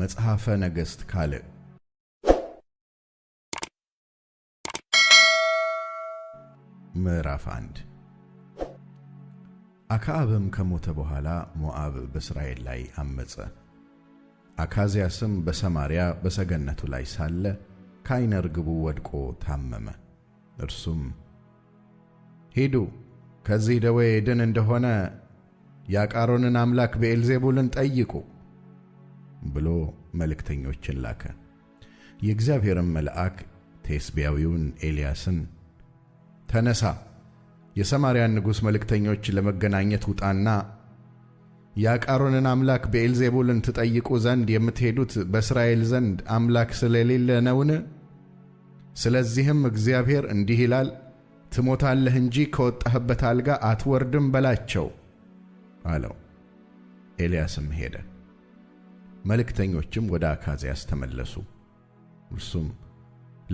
መጽሐፈ ነገሥት ካልዕ ምዕራፍ 1 አክዓብም ከሞተ በኋላ ሞዓብ በእስራኤል ላይ አመጸ። አካዝያስም በሰማርያ በሰገነቱ ላይ ሳለ ከዓይነ ርግቡ ወድቆ ታመመ። እርሱም ሂዱ ከዚህ ደዌ ድን እንደሆነ የአቃሮንን አምላክ ብዔልዜቡልን ጠይቁ ብሎ መልእክተኞችን ላከ። የእግዚአብሔርም መልአክ ቴስቢያዊውን ኤልያስን ተነሳ፣ የሰማርያን ንጉሥ መልእክተኞች ለመገናኘት ውጣና የአቃሮንን አምላክ ብዔልዜቡልን ትጠይቁ ዘንድ የምትሄዱት በእስራኤል ዘንድ አምላክ ስለሌለ ነውን? ስለዚህም እግዚአብሔር እንዲህ ይላል ትሞታለህ እንጂ ከወጣህበት አልጋ አትወርድም በላቸው አለው። ኤልያስም ሄደ። መልእክተኞችም ወደ አካዝያስ ተመለሱ። እርሱም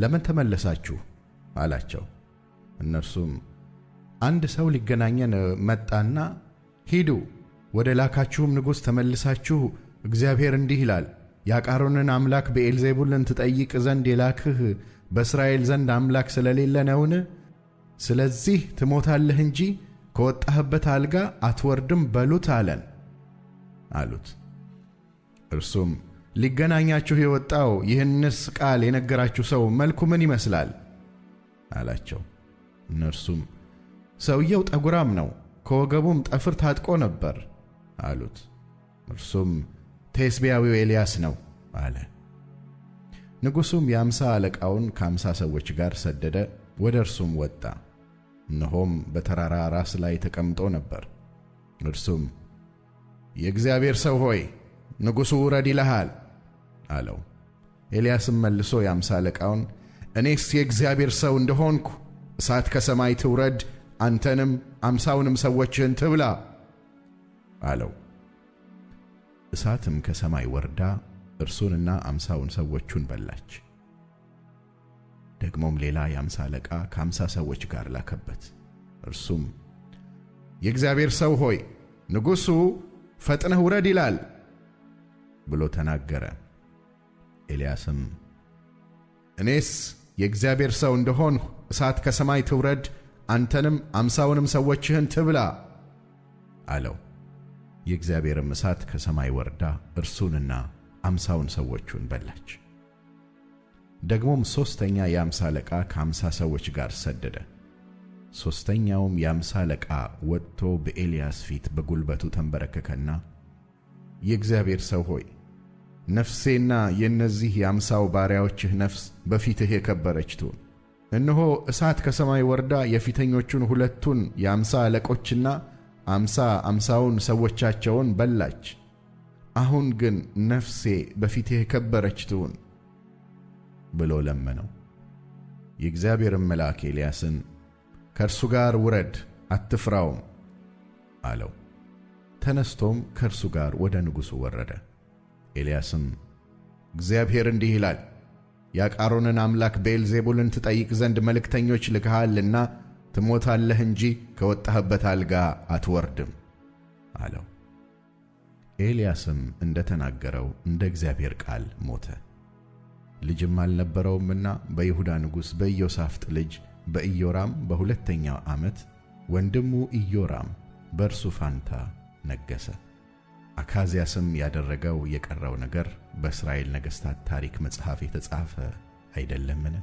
ለምን ተመለሳችሁ አላቸው። እነርሱም አንድ ሰው ሊገናኘን መጣና፣ ሂዱ ወደ ላካችሁም ንጉሥ ተመልሳችሁ እግዚአብሔር እንዲህ ይላል የአቃሮንን አምላክ ብዔልዜቡልን ትጠይቅ ዘንድ የላክህ በእስራኤል ዘንድ አምላክ ስለሌለ ነውን? ስለዚህ ትሞታለህ እንጂ ከወጣህበት አልጋ አትወርድም በሉት አለን አሉት። እርሱም ሊገናኛችሁ የወጣው ይህንስ ቃል የነገራችሁ ሰው መልኩ ምን ይመስላል? አላቸው። እነርሱም ሰውየው ጠጉራም ነው፣ ከወገቡም ጠፍር ታጥቆ ነበር አሉት። እርሱም ቴስቢያዊው ኤልያስ ነው አለ። ንጉሡም የአምሳ አለቃውን ከአምሳ ሰዎች ጋር ሰደደ፣ ወደ እርሱም ወጣ። እነሆም በተራራ ራስ ላይ ተቀምጦ ነበር። እርሱም የእግዚአብሔር ሰው ሆይ ንጉሡ ውረድ ይልሃል አለው። ኤልያስም መልሶ የአምሳ አለቃውን እኔስ የእግዚአብሔር ሰው እንደሆንኩ እሳት ከሰማይ ትውረድ፣ አንተንም አምሳውንም ሰዎችህን ትብላ አለው። እሳትም ከሰማይ ወርዳ እርሱንና አምሳውን ሰዎቹን በላች። ደግሞም ሌላ የአምሳ አለቃ ከአምሳ ሰዎች ጋር ላከበት። እርሱም የእግዚአብሔር ሰው ሆይ ንጉሡ ፈጥነህ ውረድ ይላል ብሎ ተናገረ። ኤልያስም እኔስ የእግዚአብሔር ሰው እንደሆንሁ እሳት ከሰማይ ትውረድ፣ አንተንም አምሳውንም ሰዎችህን ትብላ አለው። የእግዚአብሔርም እሳት ከሰማይ ወርዳ እርሱንና አምሳውን ሰዎቹን በላች። ደግሞም ሦስተኛ የአምሳ አለቃ ከአምሳ ሰዎች ጋር ሰደደ። ሦስተኛውም የአምሳ አለቃ ወጥቶ በኤልያስ ፊት በጉልበቱ ተንበረከከና የእግዚአብሔር ሰው ሆይ ነፍሴና የእነዚህ የአምሳው ባሪያዎችህ ነፍስ በፊትህ የከበረች ትሁን። እነሆ እሳት ከሰማይ ወርዳ የፊተኞቹን ሁለቱን የአምሳ አለቆችና አምሳ አምሳውን ሰዎቻቸውን በላች። አሁን ግን ነፍሴ በፊትህ የከበረች ትሁን ብሎ ለመነው። የእግዚአብሔርም መልአክ ኤልያስን ከእርሱ ጋር ውረድ፣ አትፍራውም አለው። ተነስቶም ከእርሱ ጋር ወደ ንጉሡ ወረደ። ኤልያስም እግዚአብሔር እንዲህ ይላል የአቃሮንን አምላክ ቤልዜቡልን ትጠይቅ ዘንድ መልእክተኞች ልከሃልና ትሞታለህ እንጂ ከወጣህበት አልጋ አትወርድም አለው። ኤልያስም እንደ ተናገረው እንደ እግዚአብሔር ቃል ሞተ። ልጅም አልነበረውምና በይሁዳ ንጉሥ በኢዮሳፍጥ ልጅ በኢዮራም በሁለተኛው ዓመት ወንድሙ ኢዮራም በእርሱ ፋንታ ነገሠ። አካዚያስም ያደረገው የቀረው ነገር በእስራኤል ነገሥታት ታሪክ መጽሐፍ የተጻፈ አይደለምን?